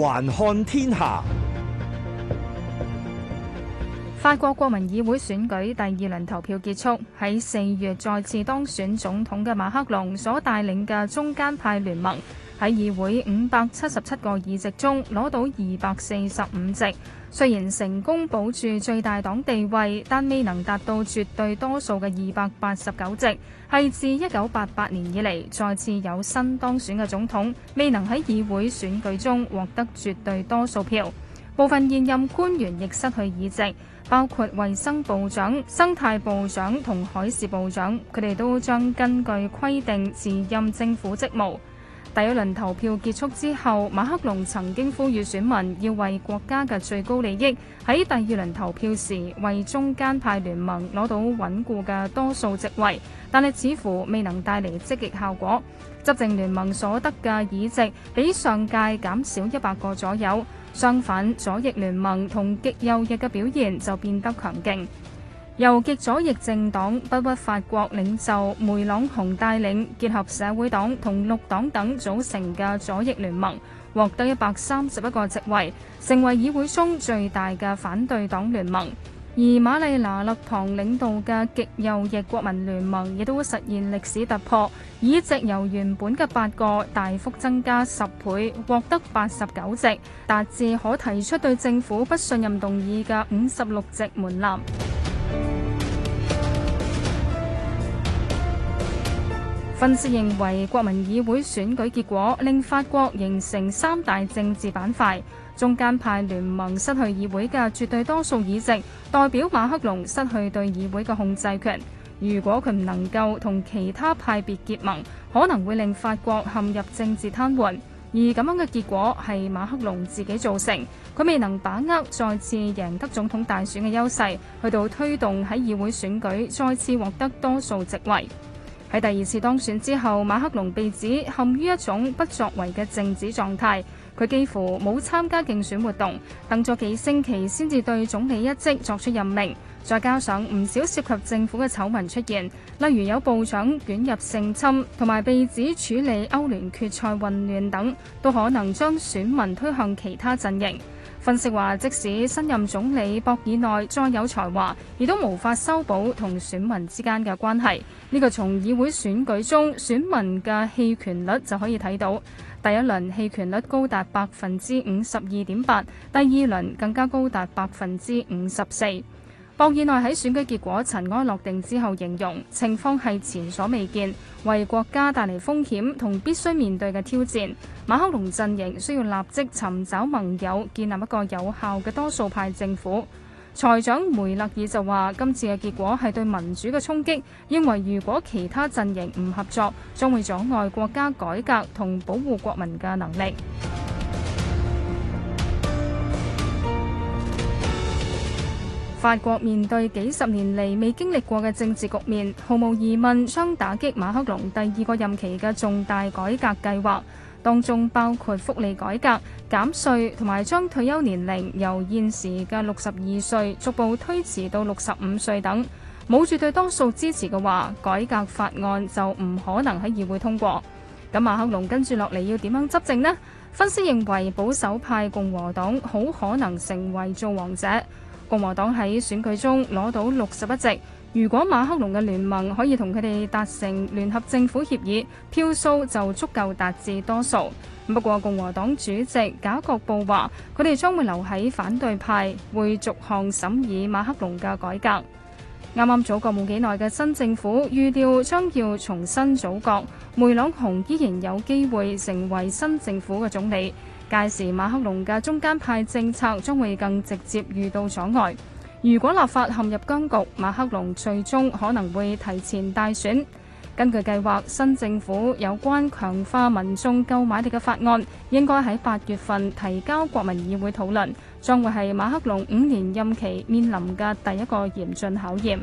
環看天下，法國國民議會選舉第二輪投票結束，喺四月再次當選總統嘅馬克龍所帶領嘅中間派聯盟，喺議會五百七十七個議席中攞到二百四十五席，雖然成功保住最大黨地位，但未能達到絕對多數嘅二百八十九席，係自一九八八年以嚟再次有新當選嘅總統未能喺議會選舉中獲得絕對多數票。部分現任官員亦失去議席，包括衛生部長、生態部長同海事部長，佢哋都將根據規定辭任政府職務。第一輪投票結束之後，馬克龍曾經呼籲選民要為國家嘅最高利益，喺第二輪投票時，為中間派聯盟攞到穩固嘅多數席位，但係似乎未能帶嚟積極效果。執政聯盟所得嘅議席比上屆減少一百個左右，相反，左翼聯盟同極右翼嘅表現就變得強勁。由極左翼政黨，不屈法國領袖，梅朗雄帶領，分析認為國民議會選舉結果令法國形成三大政治板塊，中間派聯盟失去議會嘅絕對多數議席，代表馬克龍失去對議會嘅控制權。如果佢唔能夠同其他派別結盟，可能會令法國陷入政治癱瘓，而咁樣嘅結果係馬克龍自己造成，佢未能把握再次贏得總統大選嘅優勢去到推動在議會選舉再次獲得多數席位。主持人:喺第二次當選之後，馬克龍被指陷於一種不作為嘅靜止狀態，佢幾乎冇參加競選活動，等咗幾星期先至對總理一職作出任命。再加上,唔少涉及政府嘅醜聞出現,例如有部長,捲入性侵,同埋被指處理歐聯決賽,混亂等,都可能將選民推向其他陣營。分析話,即使新任總理博爾內再有才華,亦都無法修補同選民之間嘅關係。呢個從議會選舉中,選民嘅棄權率就可以睇到:第一輪棄權率高達百分之五十二點八,第二輪更加高達百分之五十四。博爾內喺選舉結果塵埃落定之後，形容情況係前所未見，為國家帶來風險同必須面對嘅挑戰。馬克龍陣營需要立即尋找盟友，建立一個有效嘅多數派政府。財長梅勒爾就話，今次嘅結果係對民主嘅衝擊，因為如果其他陣營唔合作，將會阻礙國家改革同保護國民嘅能力。法國面對幾十年嚟未經歷過嘅政治局面，毫無疑問將打擊馬克龍第二個任期嘅重大改革計劃。當中包括福利改革、減稅同埋將退休年齡由現時嘅六十二歲逐步推遲到六十五歲等。冇絕對多數支持嘅話，改革法案就唔可能喺議會通過。咁馬克龍跟住落嚟要點樣執政呢？分析認為保守派共和黨好可能成為造王者。共和黨喺選舉中攞到屆時馬克龍嘅中間派政策將會更直接遇到障礙。如果立法陷入僵局，馬克龍最終可能會提前大選。根據計劃，新政府有關強化民眾購買力嘅法案應該喺八月份提交國民議會討論，將會係馬克龍五年任期面臨嘅第一個嚴峻考驗。